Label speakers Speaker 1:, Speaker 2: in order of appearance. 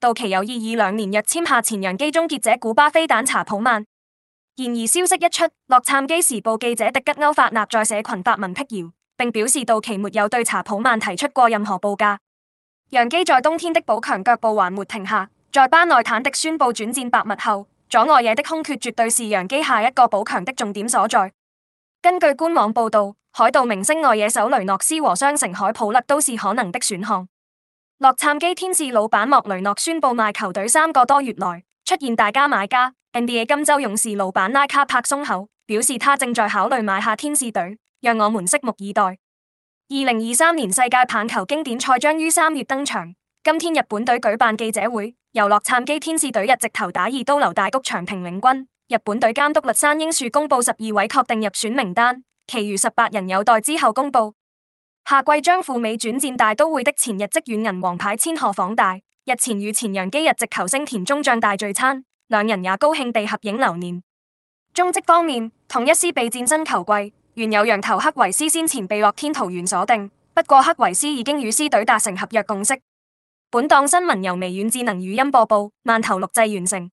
Speaker 1: 道奇有意以兩年約簽下前洋基終結者古巴飛彈查普曼，然而消息一出，《洛杉磯時報》記者迪吉歐法納在社群發文辟謠，並表示道奇沒有對查普曼提出過任何報價。洋基在冬天的補強腳步還沒停下，在班尼坦迪宣布轉戰白襪後，左外野的空缺絕對是洋基下一個補強的重點所在。根據官網報道，海盜明星外野手雷諾斯和雙城海普勒都是可能的選項。洛杉磯天使老闆莫雷諾宣布賣球隊三個多月來出現大家買家，NBA 金州勇士老闆拉卡帕鬆口表示他正在考慮買下天使隊，讓我們拭目以待。二零二三年世界棒球經典賽將於三月登場，今天日本隊舉辦記者會，由洛杉磯天使隊日直投打二刀流大谷翔平領軍。日本隊監督栗山英樹公布十二位確定入選名單，其餘十八人有待之後公布。下季將赴美轉戰大都會的前日職軟銀王牌千賀滉大，日前與前洋基日籍球星田中將大聚餐，兩人也高興地合影留念。中職方面，統一獅備戰新球季，原有洋投克維斯先前被樂天桃猿鎖定，不過克維斯已經與獅隊達成合約共識。本檔新聞由微軟智能語音播報，慢投錄製完成。